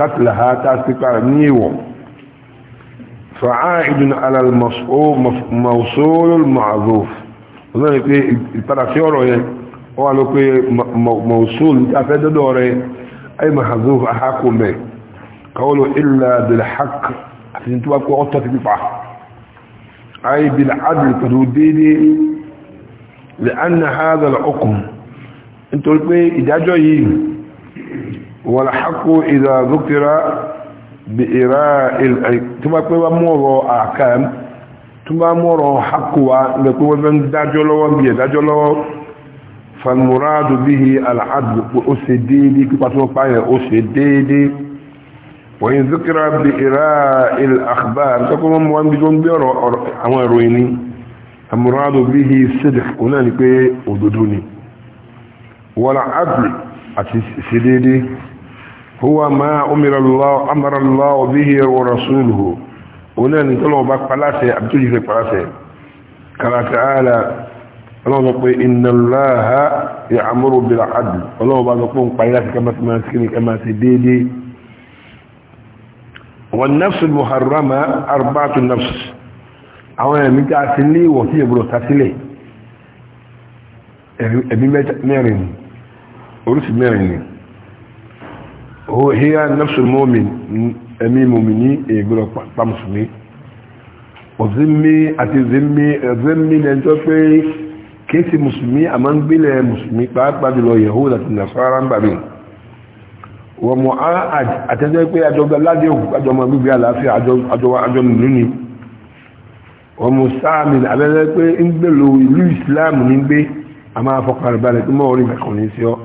قتلها تاسكار نيو فعائد على المصعوب موصول المعذوف وذلك البراسيورو هو لو موصول تافد دوري اي محذوف احاكم به قولوا إلا بالحق عشان تبقى قطه بفعه أي بالعدل ترديدي لأن هذا الحكم انتوا ايه اداجو يي والحق إذا ذكر بإراء ثم كوا مورو أحكام ثم مورو حقوا لكوا من داجلوا بي داجلوا فالمراد به العدل أسديدي كيف تقول أسديدي وإن ذكر بإراء الأخبار تقوم موان بجون بيرو أوان رويني المراد به صدق هنالك ودودوني والعدل أتسديدي هو ما أمر الله أمر الله به ورسوله هنا نتلو باك فلاسة أبتجي في فلاسة قال تعالى الله نقول إن الله يعمر بالعدل الله بعد نقول قيلات كما تماسكني كما تديدي والنفس المحرمة أربعة النفس أولا متى أسلي وفي بلو تسلي أبي ميرين أرس ميرين هو هي نفس المؤمن أمي مؤمني يقول إيه مسلمي وذمي أتي ذمي ذمي لأنتو في كيسي مسلمي أمان بلا مسلمي بعد بعد لو يهود النصارى بابين ومعاهد أتجاه في أجوب الله ديو أجوب ما بيبيا لا في أجوب أجوب أجوب نوني ومستعمل أبدا في إن بلو إلو إسلام نبي أما فقر بالك ما أريد أن يسيو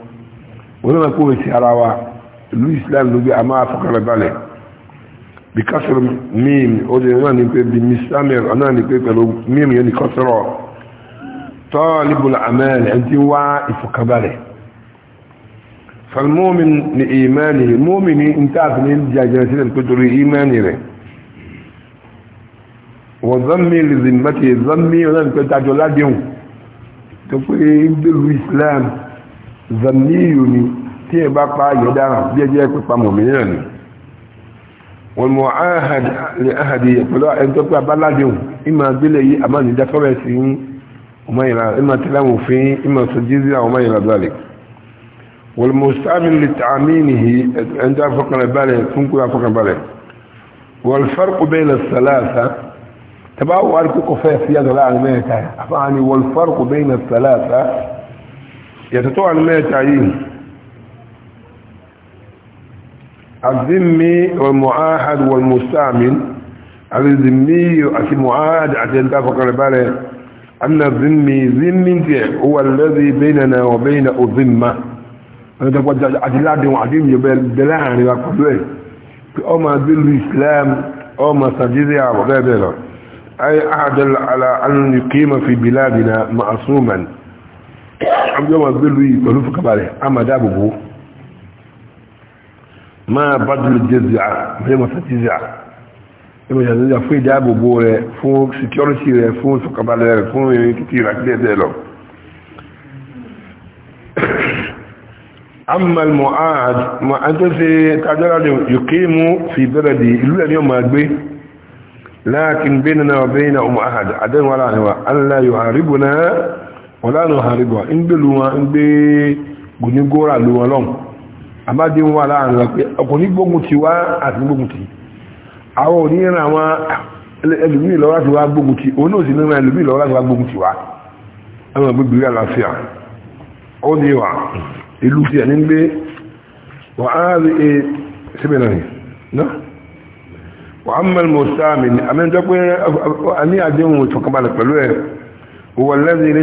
ولما كوي سيارة واحد ìlú islam ló gbé a máa fọkànlẹ̀ balẹ̀ bí kásìrò míìm ó di náà ní pé bí misamir náà ní pé pẹ̀lú míìm yẹn ní kásìrò tọ́ọ̀lìbùl àmẹ́lẹ̀ ẹni tí wá ìfọkànbalẹ̀ فالمؤمن لإيمانه مؤمن انت عارف ان جاجنسين الكتر إيماني ري وضمي لذمته ضمي ولن كنت عجل لا ديون تقول ايه الإسلام ضميوني tí ẹ bá pa yẹ dára jẹ́jẹ́ pípa mọ̀mí náà ni wọ́n mọ̀ ahàdì pẹ̀lú ẹ̀ntọ́pẹ́ abáládéhùn ìmọ̀ agbélé yìí àmàlìdá fọ́rẹ̀ sí ọmọ ìlà ìmọ̀ tẹ́lẹ̀mù fún ìmọ̀ sọ́jísí àwọn ọmọ ìlà dọ́lẹ̀ wọ́n mọ̀ sáàmìl tààmìnìhì ẹ̀ntọ́ afọ́kànbalẹ̀ fúnkú afọ́kànbalẹ̀ wọ́n fárkù bẹ́ẹ̀ lọ sàlàsà tàbá wà á kókò fẹ́ sí yàtọ̀ láàrin mẹ́ta yìí الذمي والمعاهد والمستعمل الذمي المعاهد عشان تفق بالي أن الذمي ذمي هو الذي بيننا وبين الذمة أنا تقول عدلات وعديم يبين دلعني وقلوه أو أما ذل الإسلام أما ما سجزها أي أعدل على أن يقيم في بلادنا معصوما أم يوم ذل ويقلوه في كباله أما دابه máa bádùlù jẹ́zìá mẹ́mọ̀sá jẹ́zìá ìmọ̀sá jẹ́zìá fún ìdáàbòbò rẹ̀ fún security rẹ̀ fún sọ̀kabalẹ̀ rẹ̀ fún ìrìn títí ìràkílẹ̀ bẹ́ẹ̀ lọ. amal mu'ad an tó fi ahad adẹ́wọ̀n wà láàrin wa allah yóò haribu náà wọ́n láàrin wa lu lu àbáde ń wà láàrin wa pé ọkùnrin gbógun ti wá àti gbógun ti àwọn òní ìran àwọn ẹlòmíì lọ́wọ́ láti wá gbógun ti òun náà sì níran ẹlòmíì lọ́wọ́ láti wá gbógun ti wá àwọn gbogbo rí àlàáfíà ó ní wà ìlú ti ẹni gbé wà á rí e síbẹ̀ náà náà wà á mẹ́rin mọ̀sáàmì ní àmẹ́jọ́ pé a àdéhùn ìfọ̀kànbalẹ̀ pẹ̀lú ẹ̀ wọ́n lẹ́sìn ilé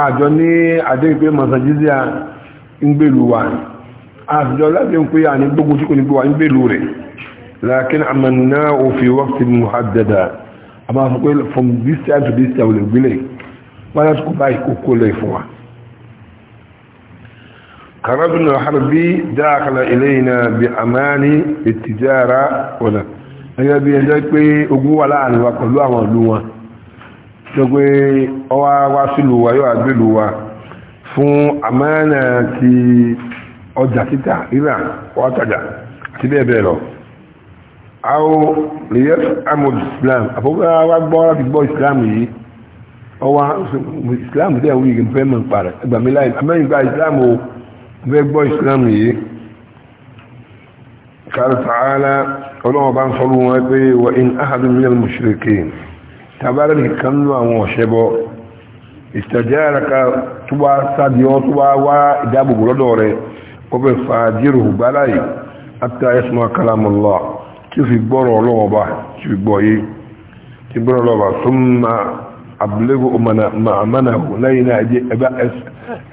àjọ ní àdéhùn pé mọ̀sánjísíà ń gbèlú wa àjọ láti ń pé à ní gbógun tí kò ní gbówà ń gbèlú rẹ̀ lakin àmànà òfin wọ́pì muhaddada a máa sọ pé from this time to this time olè gbílẹ̀ wọ́n láti kó báyìí kó kó lẹ̀ fún wa كربنا الحربي داخل إلينا بأماني التجارة ولا أنا بيجاك بي أقوى لا أنا وقلوا أولوها gbogbo ọwá wá sílùú wa yóò agbélùú wa fún àmánà ti ọjà títà rírà wátàjà àti bẹ́ẹ̀ bẹ́ẹ̀ lọ àwọn lèyẹ́ amòd islam àfọwọ́ wá gbọ́ láti gbọ́ islam yìí ọwá islam dẹ̀ wí ìgbẹ́ fẹ́ mọ̀ ń parẹ́ ẹgbàmí láì amẹ́yìn gba islam o fẹ́ gbọ́ islam yìí قال تعالى ولو بان صلوا وإن أحد من المشركين tàbára nìkan nú àwọn ọ̀ṣẹ́bọ ìtàjára ka tó bá sáàdì ọ́ tó bá wá ìdáàbòbò lọ́dọ̀ rẹ̀ kó bẹ̀ fa jírò báláyì àti àyẹ́sùn akalamọ́lá tí fi gbọ́rọ̀ ọlọ́wọ́ba tí fi gbọ́ yé tí gbọ́rọ̀ ọlọ́wọ́ba tó ma abúlégò màmánà lẹ́yìn náà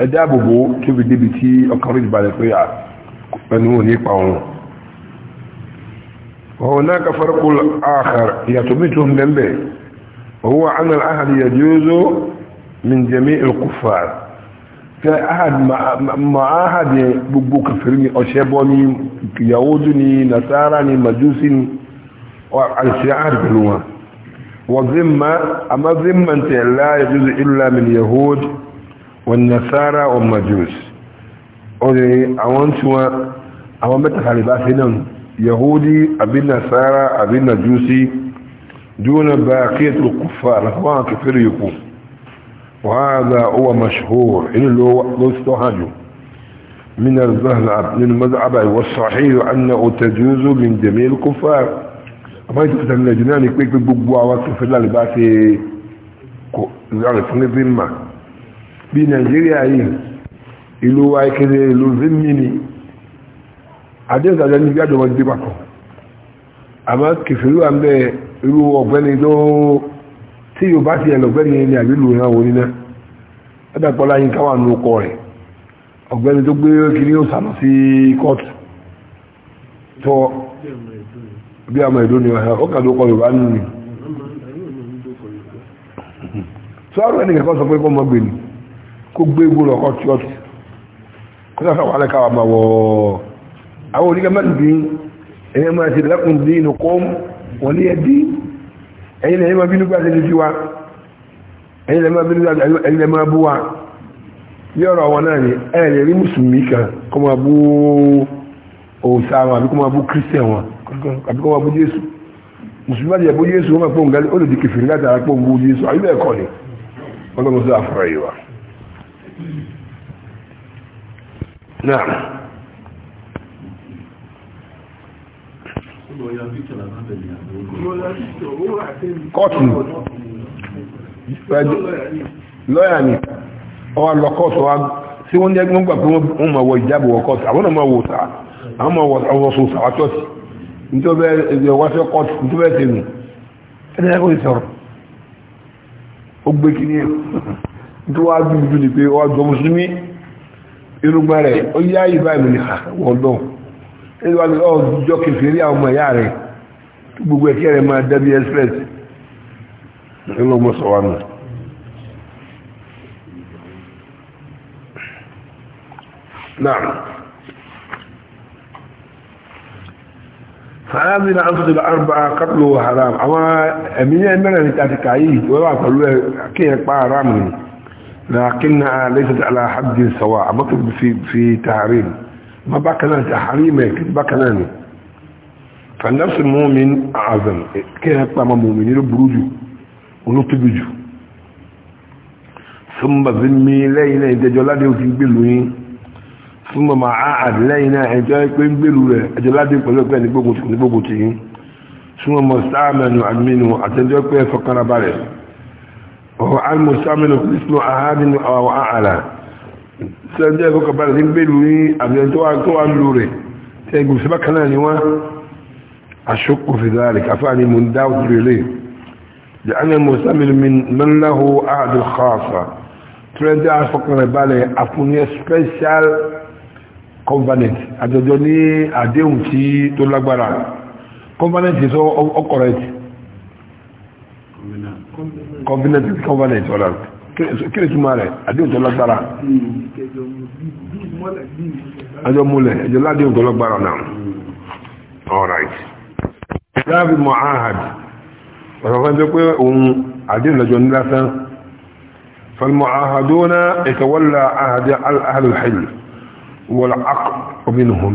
ẹ̀dáàbòbò tó fi débi tí ọkàn rí ìbàlẹ̀ pé ẹnu ò وهو أن العهد يجوز من جميع الكفار كعهد معاهد بقبو كفرني أشبوني يهودني نصاراني مجوسني والشعار بلوها وذمة أما ذمة لا يجوز إلا من يهود والنصارى والمجوس أولي أوانتوا أوان بتخالبات هنا يهودي أبي النصارى أبي النجوسي دون باقية الكفار هو كفر يكون وهذا هو مشهور إن له مستهج من من للمذعب والصحيح أنه تجوز من جميع الكفار أما يتفتح من الجنان يكبيك ببقوا وكفر الله لباسي يعرف نظمة بنيجيريا إيه ìlú wa ìkéde ìlú zimini adéǹsàjá ní gbádùn wọn dé pàkó àmọ́ kìfìlú àmì irú ọ̀gbẹ́ni tó tí yóò bá ti ẹ̀ lọ̀gbẹ́ni ẹni àgbélù ìran òní náà ẹ̀dàpọ̀lá yín káwà ní ọkọ̀ rẹ̀ ọ̀gbẹ́ni tó gbé kiri ó sànà sí kóòtù tó bí àmà ìdó ni ọ̀hẹ́ ọkà tó kọ yorùbá nínú ni tó àrùn ẹni kẹ́kọ́ sọ pé kọ́ mọ́gbè ni kó gbé egbò lọ kọ́ tíọ́tù kó sáfà wà lẹ́ka wà máa wọ̀ àwọn oníkẹ́ mẹ́rin bí ẹ̀yẹ́ máa ti wọ́n ní ẹbí ẹ̀yin lẹ́yìn máa bínú gbàdé ní tiwa ẹ̀yin lẹ́yìn máa bínú gbàdé ẹ̀yin lẹ́yìn máa bú wa bí ọ̀rọ̀ wọn náà ni ẹ̀ lè rí mùsùlùmí kan kó máa bú òòṣà wọn àbí kó máa bú kírísítẹ̀ wọn àbí kó máa bú jésù mùsùlùmí àti ẹ̀bú jésù wọn máa pọ̀ nǹkan olùdí kìfìrí láti ara pọ̀ bú jésù àbí bẹ́ẹ̀ kọ́ ni wọ́n lọ́mọ sí àfọ̀rọ̀ yìí wa. náà kọ́ọ̀tù lọ́yà ni ọwà lọ kọ́ọ̀tù wa tí wọ́n jẹ́ gbọ́ngbà pé wọ́n ma wọ ìjábọ̀ wọ kọ́ọ̀tù àwọn ọmọ wò sáà àwọn ọmọ wọ́sọ̀ sáà chọ́ọ̀tì nítorí ẹgbẹ́ wáṣẹ́ kọ́ọ̀tù nítorí ẹgbẹ́ tèmi ẹni ẹgbẹ́ sọ̀rọ̀ ó gbé kí ní ẹ̀ tó wá bí ibi ni pé ọjọ́ mùsùlùmí irúgbà rẹ̀ nígbà tó ọ jọ kẹfìrí àwọn ọmọ ìyá rẹ̀ tó gbogbo ẹ̀kẹ́ rẹ̀ máa dẹ́bi express ẹlọ́mọsọ̀ wa nù náà هذه العنصر الأربعة قتله حرام أما أمية على حد سواء في في na ahara e aea a aa sẹ́ńtẹ́ ẹ̀kọ́ kọ̀bára ti ń gbé ní àbíyàn tó wà ń lò rẹ̀ tẹ́gùn sí bákan náà ni wọ́n aṣọ́kù fi dáàrí káfà ni mo ń special covenant àjọjọ ní àdéhùn tí tó lágbára covenant sọ covenant covenant ọ̀rọ̀ kí ni túmọ̀ rẹ̀ àdéhùn tó lágbára ẹjọ́ múlẹ̀ ẹjọ́ ládéhùn tó lágbára náà alright dáàbì mọ̀ ahad ọ̀sọ̀kan tó pé òun àdéhùn lọ́jọ́ ní lásán فالمعاهدون يتولى عهد أهل الحل والعقد منهم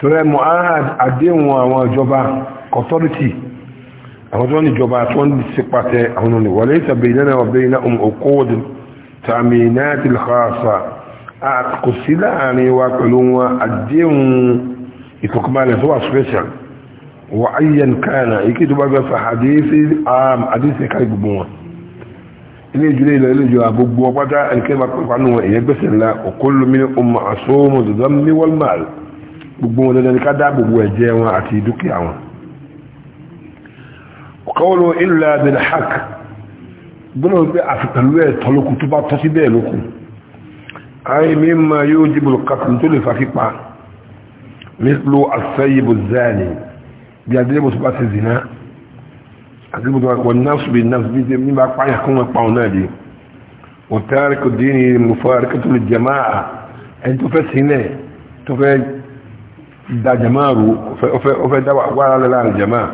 ترى معاهد àdéhùn àwọn ìjọba authority àwọn tó ní ìjọba tó ń sípàtẹ àwọn ọ̀nà wọlé ìtàbí lẹ́nà ọ̀bẹ̀ iná òkòwòdì tààmì náà ti lọ́sà kò sí láàrin wa pẹ̀lú wọn àdéhùn ìfọkànbalẹ̀ tó wà special wà ayyan kánà ikú tó bá gbé fa àdéhìsí kárí gbogbo wọn ilé ìjọba ilẹ̀ ilé ìjọba gbogbo ọpátá ẹnikẹ́ni máa pàpà nù ẹ̀yẹ wọn قولوا إلا بالحق بلو بأفتلوه طلقوا تبا تسيبه لكم أي مما يوجب القتل تلف أكيبا مثل السيب الزاني بيعدلبوا تبا تزنا والنفس بالنفس بيجب أن يكون قونا وتارك الدين مفارقة للجماعة أنت فسنا تفسد دا جماعه وفسد دا وعلى الجماعه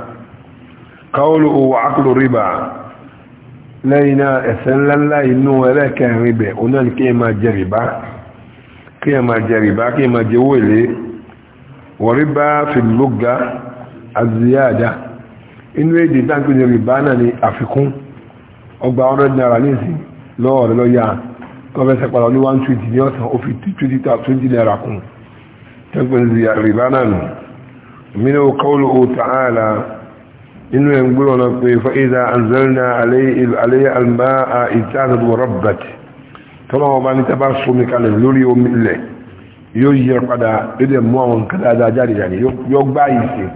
قوله وعقل ربا لينا إسلا لا إنه لا كان ربا ونال كيما جربا كيما جربا كيما جولي وربا في اللغة الزيادة inú èdè dáńkì ní rìbá náà ni àfikún ọgbà ọ̀rọ̀ náírà níìsí lọ́wọ́ rẹ̀ lọ́yà kọfẹ́sẹ̀ padà ní 120 ní ọ̀sán ó fi 20 náírà kún tẹ́gbẹ̀ẹ́ rìbá náà nù mínú qawluhu ta'ala inú ẹ̀ ń gbé wọn pé fa'iza anzalna alayya alma'a ìjáde bọ̀ rọ́bàt tọ́lọ́ ọba ní tẹ́bá sómi kalẹ̀ lórí omi ilẹ̀ yóò yẹ padà lédè mú àwọn nǹkan dáadáa jáde jáde yóò gbá ìsìn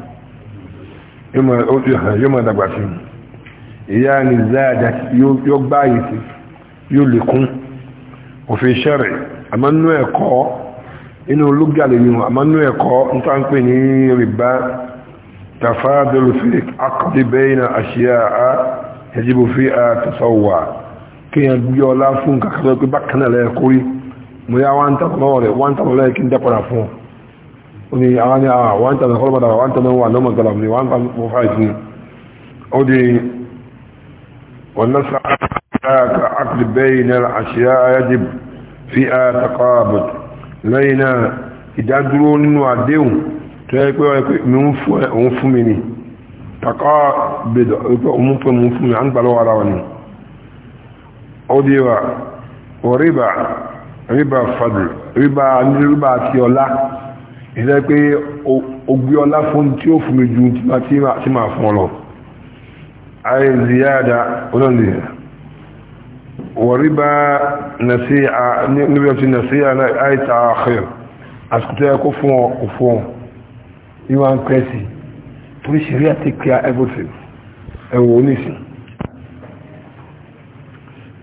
yóò máa dàgbà sí ìyá ni záàdá yóò gbá ìsìn yóò lè kún òfin ṣẹ́rẹ̀ àmánú ẹ̀kọ́ inú olúgbàlẹ̀ yìí àmánú ẹ̀kọ́ ń ní rìbá تفاضل في العقد بين أشياء يجب فيها تسوى كي يقول لا فون كخذ بكنا لا يقول ميا وانت نور وانت لا كنت قرا فون وني انا اه وانت نقول بدا وانت نو انا ما ظلمني وانت مفاجئ ودي والنصر عقد بين الأشياء يجب فيها تقابض لينا إذا دلوا نوع tó yẹ pé wọ́n pé òun fún mi ni takọ́ bèdọ̀ wípé òun fún mi fún mi à ń gbà lọ́wọ́ ara wọn ni ó di wa wọ́n ríbà ríbà fadl ríbà àti ọlá ìṣẹ́ pé ó gbé ọlá fún tí ó fún mi ju tí máa fún ọ lọ ayé ziyada olóńdìyà wariba nasi'a níbi ọtí nasi'a náà àìta àkìr àsìkò tó yẹ kó fún ọ You are crazy. sí torí ṣẹ̀ríà take care everything ẹ̀wọ̀n oníṣìn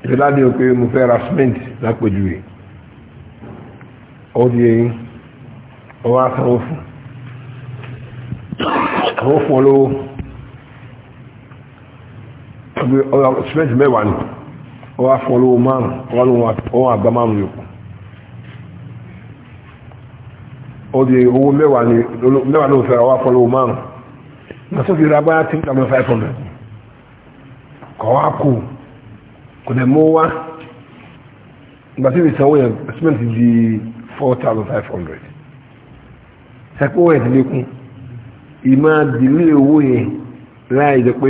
ìrìnláde ò pé mo fẹ́ ra cement lápèjúwe ó di eyín ọwọ́ asanwó fún àwọn fún olówó cement mẹ́wàá ni ọwọ́ afún olówó márùn-ún ọwọ́ àgbà márùn-ún yòókù ó di owó mẹ́wàá ní mẹ́wàá ló fẹ́ra wá fọ́lọ́wọ́ márùn lọ́sọ́ ti ra báyá tí ìtàmọ́ 500 kọ̀ wá kù kò dẹ̀ wá yẹn cement di 4500 sẹ́kọ́ ẹ̀ ti lékún ìmá dìlé owó yẹn láì jẹ́ pé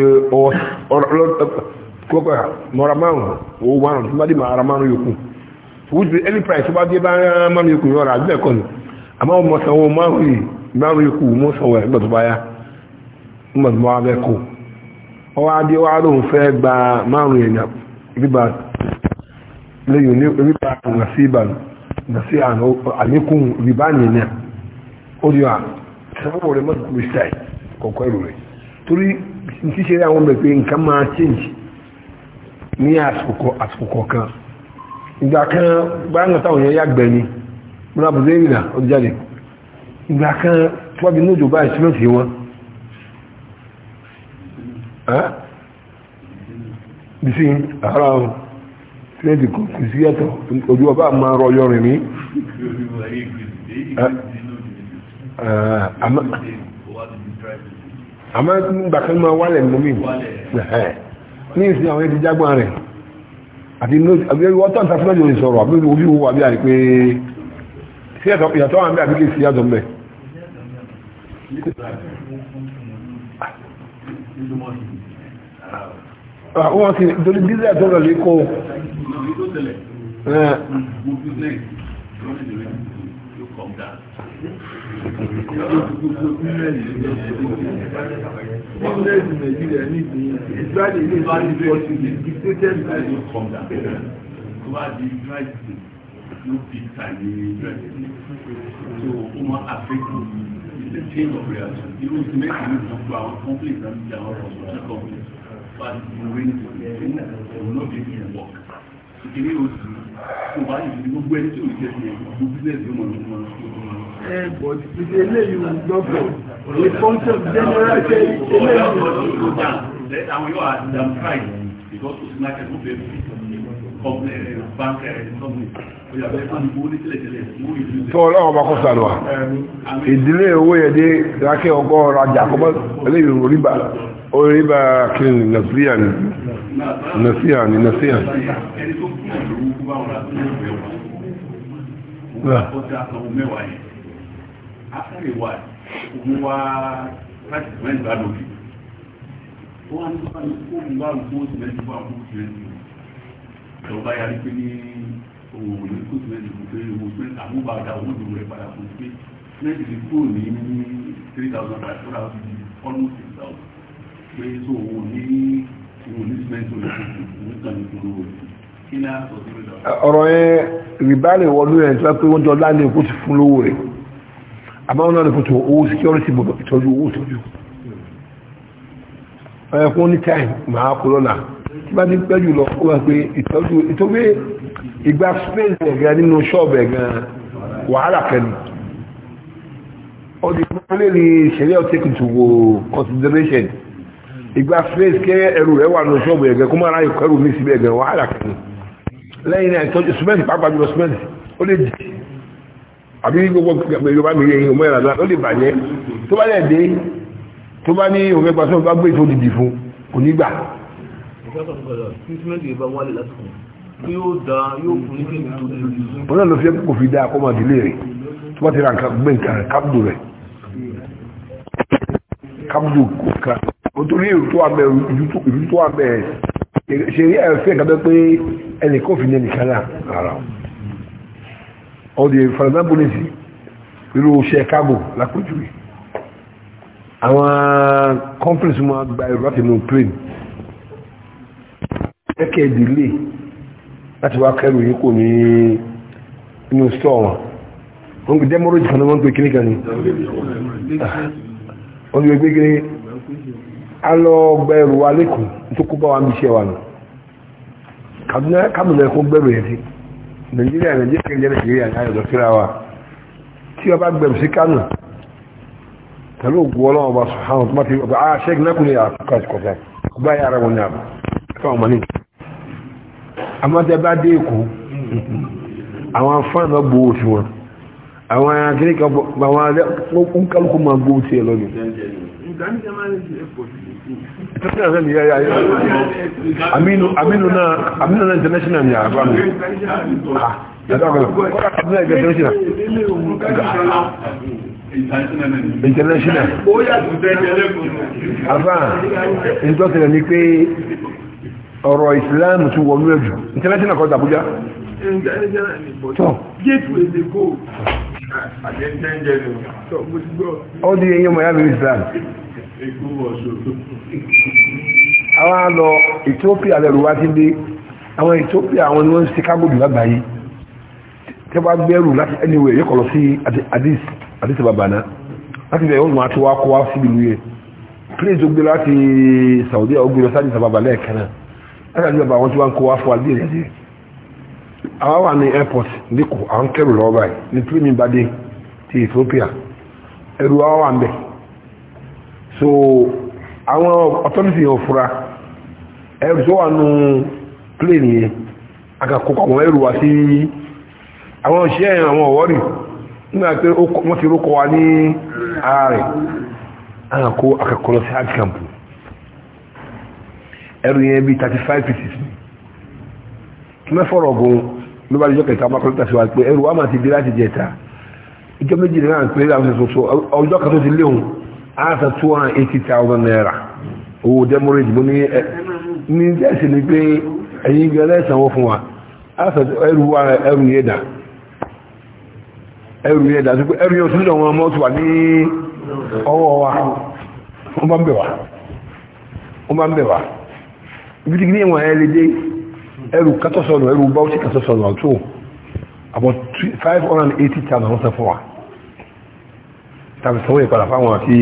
ọ̀rọ̀ mọ́ra márùn owó márùn tí bá dì máa márùn yòókù which be price tó bá dé bá márùn yòókù ni àmọ́ ọmọ sanwó márùn-ún márùn-ún ikú mọ́ sanwó ẹgbẹ̀ tó bá yá mọ́ mọ́ abẹ́ kò ọwọ́ gba márùn-ún èèyàn ríbà lẹ́yìn ríbà nàṣí ìbànú nàṣí àníkún ríbà nìyẹn ó di wa sanwó rẹ̀ mọ́tò kúrò sí kọ̀ọ̀kọ́ ìlú rẹ̀ torí ti ṣe àwọn ọmọ ìpè change kan báyọ̀ múra bù lẹ́yìn ìlà ó jáde ìgbà kan tíwájú ní òjò báyìí símẹ́ǹtì wọn bísí ara símẹ́ǹtì kò sí ẹ̀tọ́ ojú ọba máa rọ yọrin ní àmọ́ ìgbà kan máa wálẹ̀ nínú mi ní ìsìn àwọn ẹ̀dí jágbọ́n rẹ̀ àti wọ́n tọ́ta símẹ́ǹtì òní sọ̀rọ̀ àbí sí ìyàtọ̀ wà ń bẹ àbí kí sí ìyàtọ̀ ń bẹ. wọ́n sì torí dísẹ̀ tó lọ lè kó Israeli is a dictated by the no bitter ní ìjọ ẹ̀sìn so ó máa àfẹ́kù the chain of reaction irú ìsinmẹ́sì ní ìjọba àwọn conflict àti àwọn construction conflict but in rain to the end will not be able to work ìkíní oṣù tó bá yìí ní gbogbo ẹni tí ò jẹ́ ní ẹ̀kọ́ business ló mọ̀ ní wọn tó tó wọn. ẹ bọ̀ ìdílé eléyìí ń gbọ́dọ̀ ní concept general ṣe eléyìí. ọ̀dọ́ ọ̀dọ́ ló because oṣù market ló fẹ́ fi tọ́lá ọba kọ́ sànù wa ìdílé owó yẹ dé dákẹ́ ọgọ́ ọ̀rọ̀ ajá kọ́bọ́ eléyìí oríba oríba kìnnì nàfíà ni nàfíà ni ẹ̀wọ̀n bá yarí pé ní owó òní kó tó ẹ̀dùn pé owó pé àmúbà ọ̀dà owó ìdòwò rẹ̀ padà fún pé fúlẹ́ẹ̀dì ti kúrò ní three thousand naira tó rà ó di almost six thousand pé tó owó ní owó ní sìmẹ́ntì rẹ̀ kò ní kàn ní ìdòwò rẹ̀ kí ní àtọ̀ tó rẹ̀ dà. ọ̀rọ̀ yẹn rìbáàlì wọlé ẹ̀ tó pé wọ́n jọ láàrin kó ti fún lówó rẹ̀ àmọ́ wọn náà lè fọ́tò owó security bọ̀ ìtọ́jú owó ìtọ́jú ẹ̀kún ní time màá kó lọ́nà tí bá ti pẹ́ jù lọ ó wà pé ìtọ́jú ìtọ́gbé ìgbà space ẹ̀gá nínú ṣọ́ọ̀bù ẹ̀gá wàhálà kẹni ọdún ìpínlẹ̀ ní ìṣẹ̀lẹ̀ take into consideration ìgbà space kẹ́ ẹrù rẹ̀ wà nínú ṣọ́ọ̀bù ẹ̀gá kó má ráyè kẹrù ní síbẹ̀ ẹ̀gá wàhálà kẹni lẹ́yìn náà ìtọ́jú cement pàápàá jùlọ cement ó lè jì àbí gbogbo yorùbá mi yẹ ìhùn mẹ́rin àdúrà ó lè bàjẹ́ tó bá lẹ̀ dé tó bá ní òun ẹgbàá wọ́n náà lọ fi kò fi dáa kó máa dìlé rẹ̀ tó bá ti ra nǹkan gbé nǹkan kábùdù rẹ̀ kábùdù kan ó tó rí ìrù tó wà bẹ́ẹ̀ ìrù tó wà bẹ́ẹ̀ ṣe rí ẹ̀fẹ́ ìkàbẹ́ pé ẹnì kó fi ní ẹnìkan náà rárá ọdẹ fanabolisi irú Chicago lápòjúwe àwọn conference wọn gba ìrù láti plane kẹ́kẹ́ ìdílé láti wá kẹrù yìí kò ní inú stọ̀ wọn wọ́n gbé dẹ́mọ́rọ́jì kan ní wọ́n ń pè kíní kan ní wọ́n ti gbé kíní alọ́gbẹ̀rù wa lẹ́kùn tó kó bá wa ń bí iṣẹ́ wa nù Kaduna Kaduna ẹ̀kọ́ gbẹ̀rù yẹn sí Nàìjíríà Nàìjíríà kẹ́kẹ́ Nàìjíríà ní ayọ̀dọ̀ síra wa tí ọba gbẹ̀rù sí Kánò pẹ̀lú ògùn ọlọ́run ọba sọ̀hánù tó má ti ọba ah ṣẹ́gun náà kò ní àkókò àti kọ̀ọ̀kan ọba yàrá wọn ní àbọ̀ ẹ̀fọ́ àwọn ọmọ nìyí àmọ́tẹ́ bá dé èkó àwọn fan náà gbowó tí wọn àwọn akẹ́kẹ́ àwọn nkálukú máa gbowó tí ẹ lọ́nu. Aminu Aminu na Aminu na international ni a ba mi. Ah, international. Afa, ìtọ́sílẹ̀ ni pé ọ̀rọ̀ ìsìláàmù tún wọnú ẹ̀jù international court Abuja. ó di eyín ọmọ yàrá Islam. àwọn lọ Ethiopia lẹ́rù wá sí dé àwọn Ethiopia àwọn ni wọ́n ń Chicago jù lágbàáyé tẹ́ bá gbẹ́rù láti anywhere yẹ́kọ̀ sí Addis Addis Ababa láti bẹ̀rẹ̀ òun àti síbi place láti lẹ́ẹ̀kan náà ẹ̀ka ní ọba àwọn tí wọ́n ń kó wá fún wa díẹ̀ díẹ̀ àwa wà ní airport lẹ́kọ̀ọ́ à ń kẹ́rù lọ́wọ́ báyìí ní pírímì bàdé ti Ethiopia ẹrù wa wà ń so àwọn authority yẹn ò fura ẹrù tó wà nù plane yẹn àkàkọ́ àwọn ẹrù wa sí àwọn òṣìṣẹ́ àwọn ọ̀wọ́rì nígbà pé wọ́n ti rókọ wa ní ààrẹ àkàkọ́ lọ sí hard camp ẹrù yẹn bíi thirty five pieces ni tí wọ́n fọ̀rọ̀ gun ló bá lè jọ kẹta wa pé ẹrù wa máa ti di láti jẹta ìjọ méjì náà pé láwọn ṣe soso ọjọ́ kan tó ti léwu á two hundred eighty thousand naira owó demurrage bó ní ẹ ní ni pé ẹ̀yin gan lẹ́sàn wọ́n fún wa ẹrù wa ibi tí wọ́n ẹ̀rẹ́ dé ẹrù kátọ́sọ̀nù ẹrù báwọ́sí kátọ́sọ̀nù ọ̀tún about 580,000 wọ́n sẹ́fọ́ wa tàbí sanwó ìpadà fáwọn àti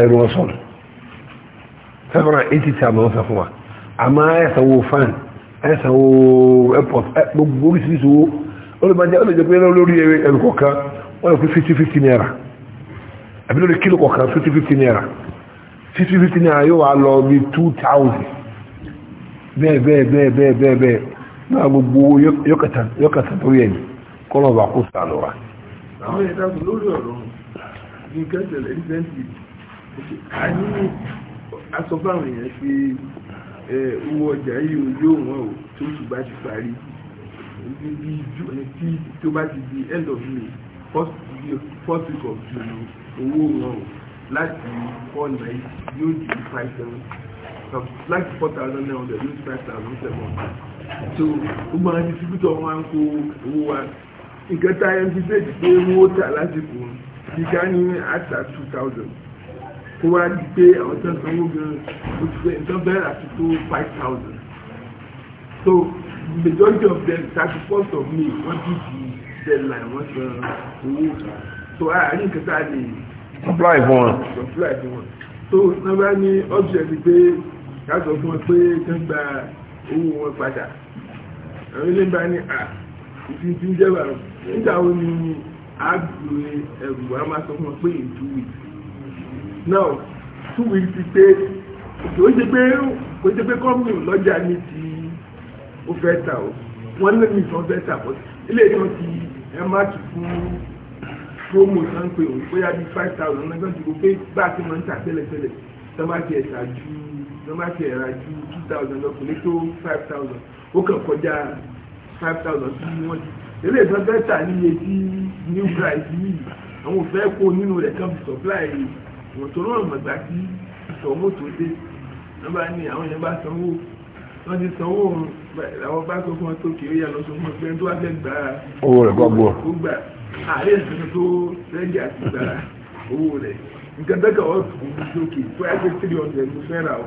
ẹrù wọn sọ̀nù 580,000 wọ́n sẹ́fọ́ wa àmọ́ ẹ̀sánwó fan ẹ̀sánwó airport gbogbo oríṣiríṣi owó olùbàjẹ́ olùjẹ́ pé lórí ẹrù kọ̀ọ̀kan wọ́n lè pé 50-50 naira àbí lórí kílò kọ̀ọ̀kan 50-50 naira 50-50 naira yóò wá lọ bí bẹ́ẹ̀ bẹ́ẹ̀ bẹ́ẹ̀ bẹ́ẹ̀ bẹ́ẹ̀ bẹ́ẹ̀ náà gbogbo yọkàtà tó yẹ ni kọ́nà bá kó sànù wa. àwọn ẹ̀dá kò lórí ọ̀rọ̀ ní kẹ́tẹ̀lẹ̀ ní sẹ́ńtì a ní asọ́fáwọn èèyàn pé owó ọjà yìí ò yóò wọ́n o tó sì bá ti parí níbi tí tó bá ti di end of may first week of june owó wọ́n o láti four nine yóò di five seven like four thousand nine hundred lose five thousand seven hundred so gbogbo àwọn distributor wọn máa ń kó owó wa nǹkan tá ẹ ń fi bẹ́ẹ̀ pé owó tà lásìkò kíkà ní àtà two thousand kó wá di pé àwọn tó ń sanwó gan nǹkan bẹ́ẹ̀ àti tó five thousand so majority of them thirty first of may wọ́n ti di deadline wọ́n san owó so àárín nǹkan tá a lè. supply fún one. Apply fún wọn so nàbà ní object pé káàtọ̀ fún pé tó ń gba owó wọn padà àwọn ilé ń bá ní à ìfi tí ń jẹ́bà nígbà wo ni àgbèrè ẹ̀rù wa máa sọ fún ọ pé two weeks now two weeks ti pé kò ṣe pé kò ṣe pé kọ́mù lọ́jà ní ti ó fẹ́ tà ó wọ́n lé mi ìtàn fẹ́ tà ó ilé ìtàn ti ẹ má tù fún promo náà ń pè bóyá bíi five thousand náà gbọ́dọ̀ pé bá a ti máa ń tà tẹ́lẹ̀tẹ́lẹ̀ tó bá ti ẹ̀ tà ju ní wọ́n bá ti ẹ̀ra ju two thousand lọ kò ní tó five thousand ó kàn kọjá five thousand tí wọ́n ti eré ìtàn fẹ́ tà ní tí new price yìí àwọn òfẹ́ kó nínú rẹ̀ kan fi supply ìwọ̀n tó rọrùn mọ̀gbà tí ìṣọ̀wó tó dé wọ́n bá ní àwọn yẹn bá sanwó wọ́n ti sanwó àwọn bá sọ fún wọn tó kéré yà lọ sọ fún ọgbẹ́ni tó wá fẹ́ gbà á. owó rẹ̀ gbọ́gbọ́. ó gbà àárẹ̀ ìṣẹ̀lẹ̀ tó rẹ́gì àti gbà owó rẹ̀ nǹkan tẹ́kọ̀ọ́ kò ní sókè fún ẹgbẹ́ three hundred ló fẹ́ ra o.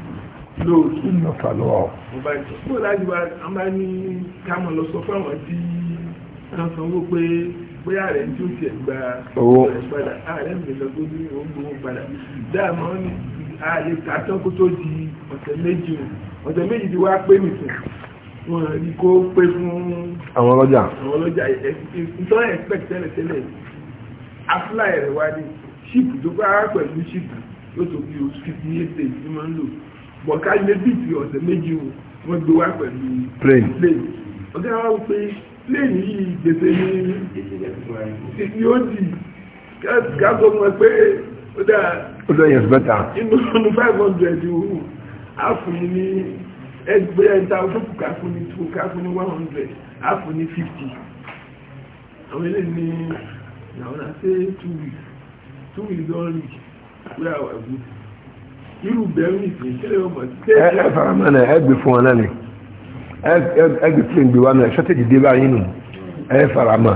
lóòrù. iná kàlọ́ ọ̀. ọba ìtọ́sọ́ láti wá a máa ní ká mọ̀ lọ sọ fáwọn tí wọ́n sanwó pé bóyá rẹ̀ tí ó ti gba owó rẹ̀ padà ààrẹ mi lọ tó ní owó padà dáàmú wọn ni ààrẹ kàtọ́ kó tó di ọ̀sẹ̀ méjì ọ̀sẹ̀ méjì ti wá pé nìkan wọn rí kó pé fún àwọn ọlọ́jà àwọn ọlọ́jà ìtọ́ expect tẹ́lẹ̀ tẹ́lẹ̀ apply rẹ̀ wá ní ṣíìpù tó bá pẹ̀lú ṣíìpù yóò tó bí oṣù fifty eight days ní máa ń lò bọ̀ká ilé bíìtì ọ̀sẹ̀ méjì o wọ́n gbé wá pẹ̀lú plane ọ̀gá wa pé plane yìí gbèsè ní yóò di káàtó mọ̀ pé ó dà ó dà yẹn bẹ́tà inú ọdún five hundred o á fún mi ní ẹgbẹ́ ẹ̀ta fúnkù ká fún ní two ká fún ní one hundred á fún ní fifty àwọn eléyìí ní àwọn àti two weeks two weeks don reach where i was good irú bẹ̀rù ìpínlẹ̀ ọmọ tí ẹ fara mọ́ náà ẹgbẹ̀ fún wọn lẹ́nu ẹgbẹ̀ tí ń gbé wa náà ṣọ́tẹ̀jì dé báyìí nù ẹ fara mọ́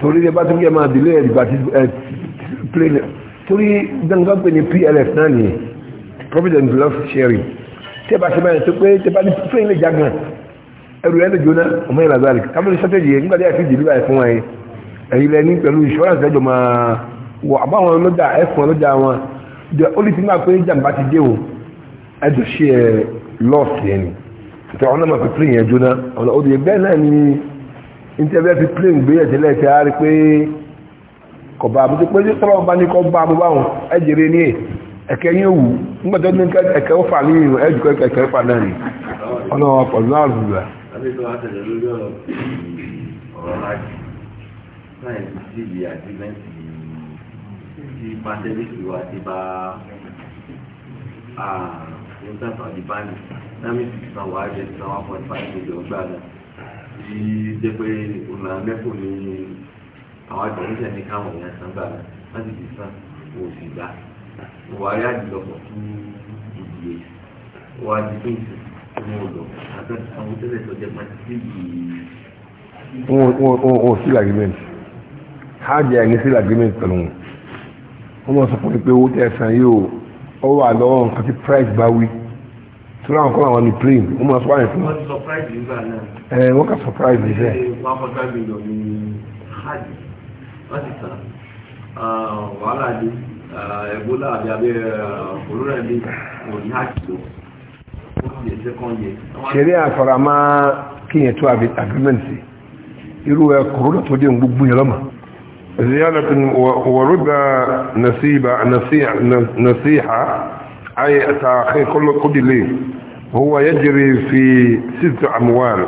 torí ẹ bá tó kí ẹ máa dìlé ẹ̀dìgbà tí ẹ plane torí gbẹ̀ngàn pé ní plf náà nìyẹn profit and loss sharing tí ẹ bá ṣe báyìí tó pé tí ẹ bá ní plane lè jágan ẹrù ẹ lè jóná ọmọ yẹn làgbà rẹ̀ kámọ́ ní ṣọ́tẹ̀jì yẹn nígbà tí ẹ fi dìlé báyìí fún wọn yẹn ẹ̀yin lẹ́ni àbáwọn ọlọ́jà ẹ̀fọn ọlọ́jà wọn the only thing náà pé jàǹbá ti dé o ẹjọ́ se ẹ lọ́ọ̀sì ni. tẹ ọ̀nà máa fi plane yẹn jóná ni ní tẹ́ fi plane gbé ẹ̀tẹ́ lẹ́ẹ̀tẹ́ á rí pé kò bá àbúté pé tọ́lọ́ bá ní kọ́ bá àbú báwọn ẹ̀jẹ̀rẹ̀ ní tí pàtẹ́lìkì wà ti bá ààrùn tàbí àdìbánì dámìtì ti san wàá jẹ́ san one point five million gbàgbà tí jẹ́ pé ọ̀nà mẹ́kù ní àwọn àjọ oníṣẹ́ ní káwọn èèyàn san gbàgbà láti fi san owó sì gbà buhari àdìlọ́pọ̀ fún ìdíyẹ wàá di fún ìsìn tó mú un lọ àtàkùn àwọn tẹ́lẹ̀ tó jẹ́ pàtẹ́lì yìí. wọn ò sí agreement hajj ẹni sí agreement pẹ̀lú wọn wọ́n mọ̀ sọ fún mi pé owó tẹ̀ ẹ̀sán yìí ó wà lọ́wọ́ nǹkan tí price bá wí tí wọ́n kọ́ àwọn ní plane wọ́n mọ̀ sọ wáyé fún mi. wọ́n ti surprise nígbà náà. ẹ wọ́n kà surprise yìí bẹ́ẹ̀. wọ́n kọ́ tábìlì lọ ní hajj wọ́n ti sàn ah, wàhálà dé ah, Ebola àbí abẹ́ ah, olóra ẹ̀dẹ́ kò ní hajj lọ. ṣeré àfàràmà kíyẹn tó agreement sí irú ẹ eh, kòrónà tó dé gbogbo yẹn lọ́mọ. زيادة ورد نصيبة نسيحة, نسيحة أي تأخير كل قدلي هو يجري في ست أموال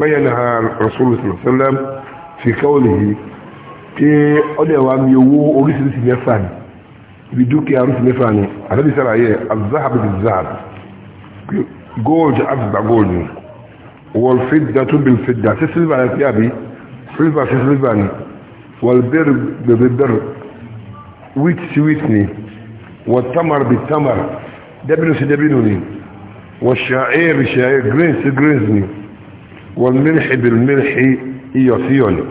بينها رسول صلى الله عليه وسلم في قوله كي أدوام يوو أريس بس مفاني بدوكي أريس مفاني هذا سرعي الذهب بالذهب جولج أفضع جولج والفدة بالفدة سيسلفة يا أبي سيسلفة سيسلفة والبر بالبر ويت سويتني والتمر بالتمر دبنو سدبنوني والشعير بشعير جرينس جرينسني والملح بالملح إيوسيوني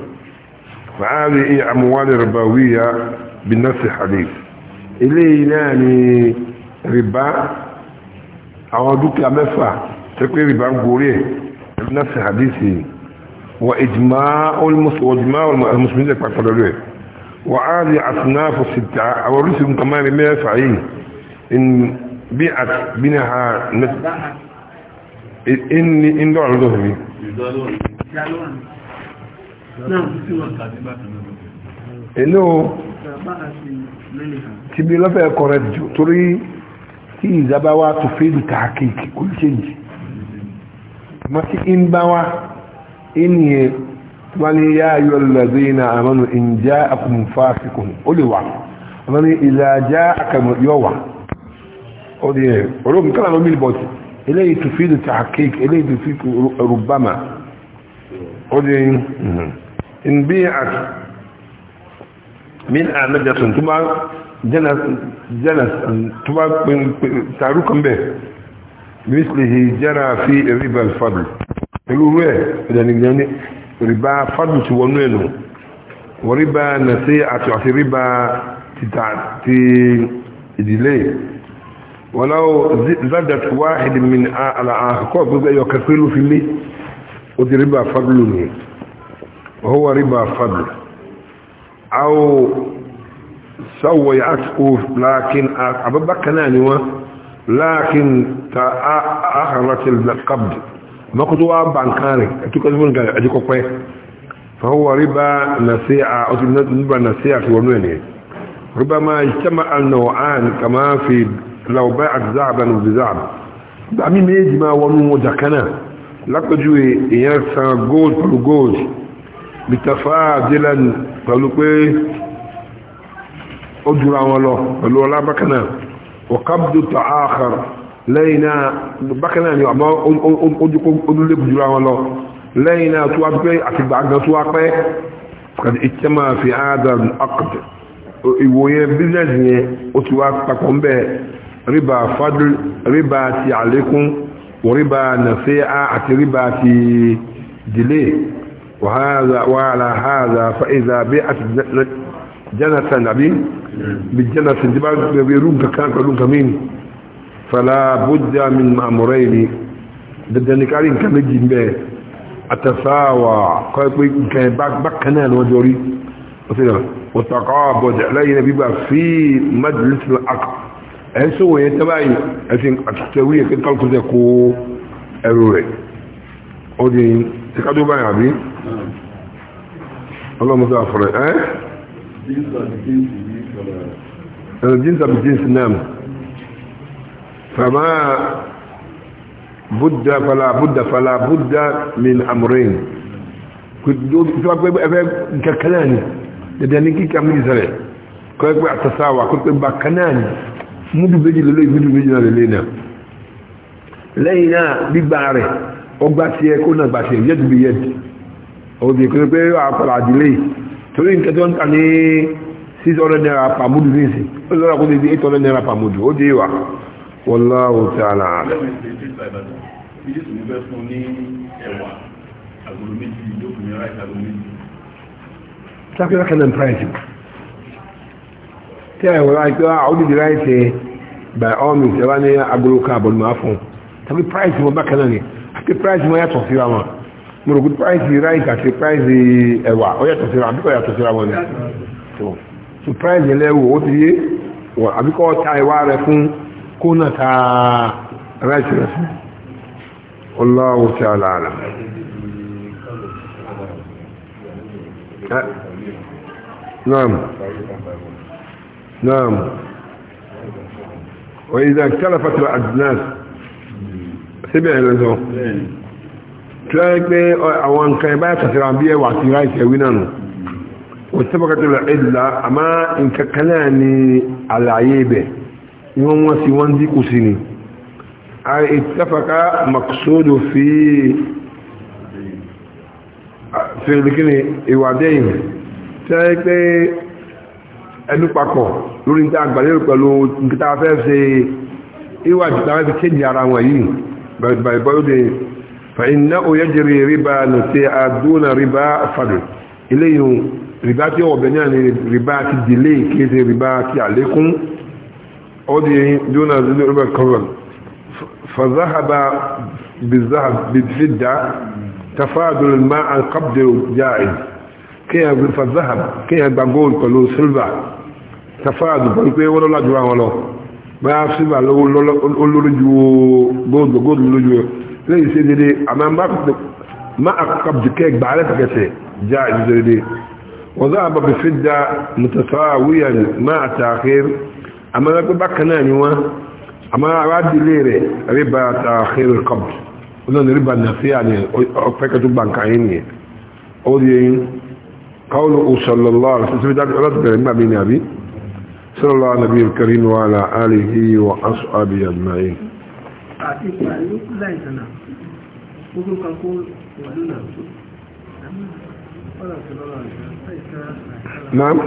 فعالي إيه أموال رباوية بالنفس الحديث إليه ناني ربا أو دوك مفا تقريبا قوليه بالنفس الحديثي وإجماع وإجماع المسلمين لك بعد وهذه أصناف الستة أو رسل كمان ما يفعيه إن بيعت بنها نت... إن إن دعوا ظهري إنه تبي لفا كورج تري تي زبوا تفيد التحقيق كل شيء ما في إن بوا ìní wani ya yi wallazi na amanu in ja a kun fasikun olewa wani ila ja a kan yawa odiye olóògùn kala lọ milbọt eléyìí tó fi da ta hakik eléyìí tó fi rubama odiye in bi a min a na jason tuba janas tuba tarukan bẹ mislihi jara fi ribar fadl pẹ̀lú rẹ̀ ìdánigyan ní rìbá fádù ti wọnú ẹ̀nù wọ́n rìbá nàṣí àti àti rìbá títà ti ìdílé wọ́n láwọ́ zádà tí wá ìdìmìn àkọ́ gbogbo ẹyọ kẹfẹ́ ló fi lé ó ti rìbá fádù ní wọ́n wọ́n rìbá fádù àwọ̀ yà á láàkín àbábákanáà mọ́kútó wá bá nǹkan rẹ̀ ẹ̀túkọ́ sí fúnǹkan ẹ̀jẹ́kọ́ pẹ́ fàwọ́ ríbá nàṣíà ọtúnbà nàṣíà ti wọnú ẹ̀nìyàn ríbá máa ìṣẹ́mà ànàwọ̀n kàmá fi làwọ̀bá àti záàbà nù bí záàbà gbà mí méjì máa wọnú wọn jàkánà lápẹjú èèyàn san gold pẹ̀lú gold bìtàfà àdílàn pẹ̀lú pé ó dúra wọn lọ pẹ̀lú ọlábákanà wọ̀kábdù tààkàrà lẹ́yìn náà bákan náà ni àmọ́ ojúlé bùjú ra wọn lọ lẹ́yìn náà tó wá pẹ́ àti gbàgbọ́ tó wá pẹ́ kàdé ìtẹ́mà fi adam akad ìwòye bísíǹsì yẹn ó ti wá papọ̀ ń bẹ̀ ríbà fadl ríbà ti àlékún ríbà nàṣẹ́à àti ríbà ti dìlé wàhálà hàzà fa'izà bí àti jẹ́nà sànàbí bí jẹ́nà sànàbí rúgà kan pẹ̀lú gàmínì فلا بد من امرين بدنا كاري كان ميجي مبه اتساوى كان باك باك كان الوجوري وتقابض علينا بيبقى في مجلس العقل ايسو هي تبعي عشان التساويه كده كلكم زيكو ايروري ودي تكادو بقى يا بي الله مزافر اه الجنس بالجنس نعم فما بد فلا بد فلا بد من امرين ككلاني لدني كي كم يزرع كيف اتساوى كنت بكناني مدو بيجي للي مدو بيجي للينا لينا بباري وغباسي كنا غباسي يد بيد او دي كنت بيو عقل عدلي ترين كدون كاني 600 naira per mudu nisi ó lọ́ra kó lè di Wallahu ta'ala àlẹ́ sáfẹ́ rẹ́kẹ̀lẹ̀ price tí ẹ̀wọ̀ ráìtì ọdún di ráìtì by all means ẹ̀wà ní agolo carbon máa fún tàbí price wọn bákan náà ni àti price wọn yàtọ̀ síra wọn mo rò pé price ráìtì àti price ẹ̀wà ó yàtọ̀ síra àbíkọ̀ yàtọ̀ síra wọn ni so price lẹ́wọ̀ ó ti yé àbíkọ̀ ta ẹ̀wà rẹ fún kóná ta ráìtì rẹ̀ sí Allahu ta'ala alam نعم نعم وإذا اختلفت الناس síbẹ̀ lọ́sọ́ tí wọ́n pé àwọn nǹkan ẹ̀bá kàtàrà bí ẹwà àti ìrá ìṣẹ̀wí náà ò tẹ́bọ̀kàtàrà ẹ̀dùlá àmá nǹkan kanáà ni àlàyé wọ́n wọ́n sí wọ́n díkù sí ni a ìtafaka maksodo fi fèrèkìní ìwàdẹ́ yìí tẹ́ pé ẹnu papọ̀ lórí ní agbàlérò pẹ̀lú nkíta fẹ́ ṣe ìwà jùta fẹ́ fi kéjì ara wọn yìí bẹ̀rẹ̀ bẹ̀rẹ̀ fàìnà òyẹ́jẹrẹ ríbà nàti àdúnà ríbà fàdù ilé yìí أودي دون ذل ربع كرم فذهب بالذهب بالفدة تفاضل الماء القبض جائز كي فالذهب كي بقول كلو سلبا تفاضل بقول ولا لا جوا ولا ما سلفا لو لو لو لو جود جود لو جو ليس دي أمام ما ما قبض كيك بعرفك شيء جائز دي وذهب بفدة متساويا مع تأخير àmọ́ pé bákan náà ni wọ́n àmọ́ aládìlé rẹ̀ ríba tààkìrì kọ́bù olóòrùn ríba nàfíà ni ọ̀pẹ́kẹ́ tó gbàǹkà yín nìyẹn ó di eyín káwọn òṣàlọ́lọ́ àrùn صلى الله على نبي الكريم وعلى آله وأصحابه أجمعين نعم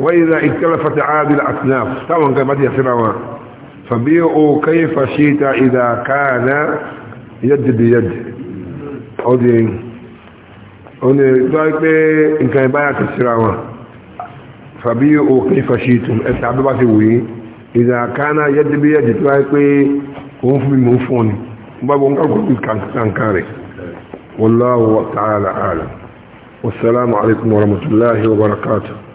وإذا اختلفت عاد الأصناف طبعا كما يسمعوا فبيعوا كيف شئت إذا كان يد بيد أودين أودين ذلك إن كان يبايع تسرعوا فبيعوا كيف شئتم أتعب باتوي إذا كان يد بيد ذلك كونف من مفوني بابا نقول كان كاري والله تعالى أعلم والسلام عليكم ورحمة الله وبركاته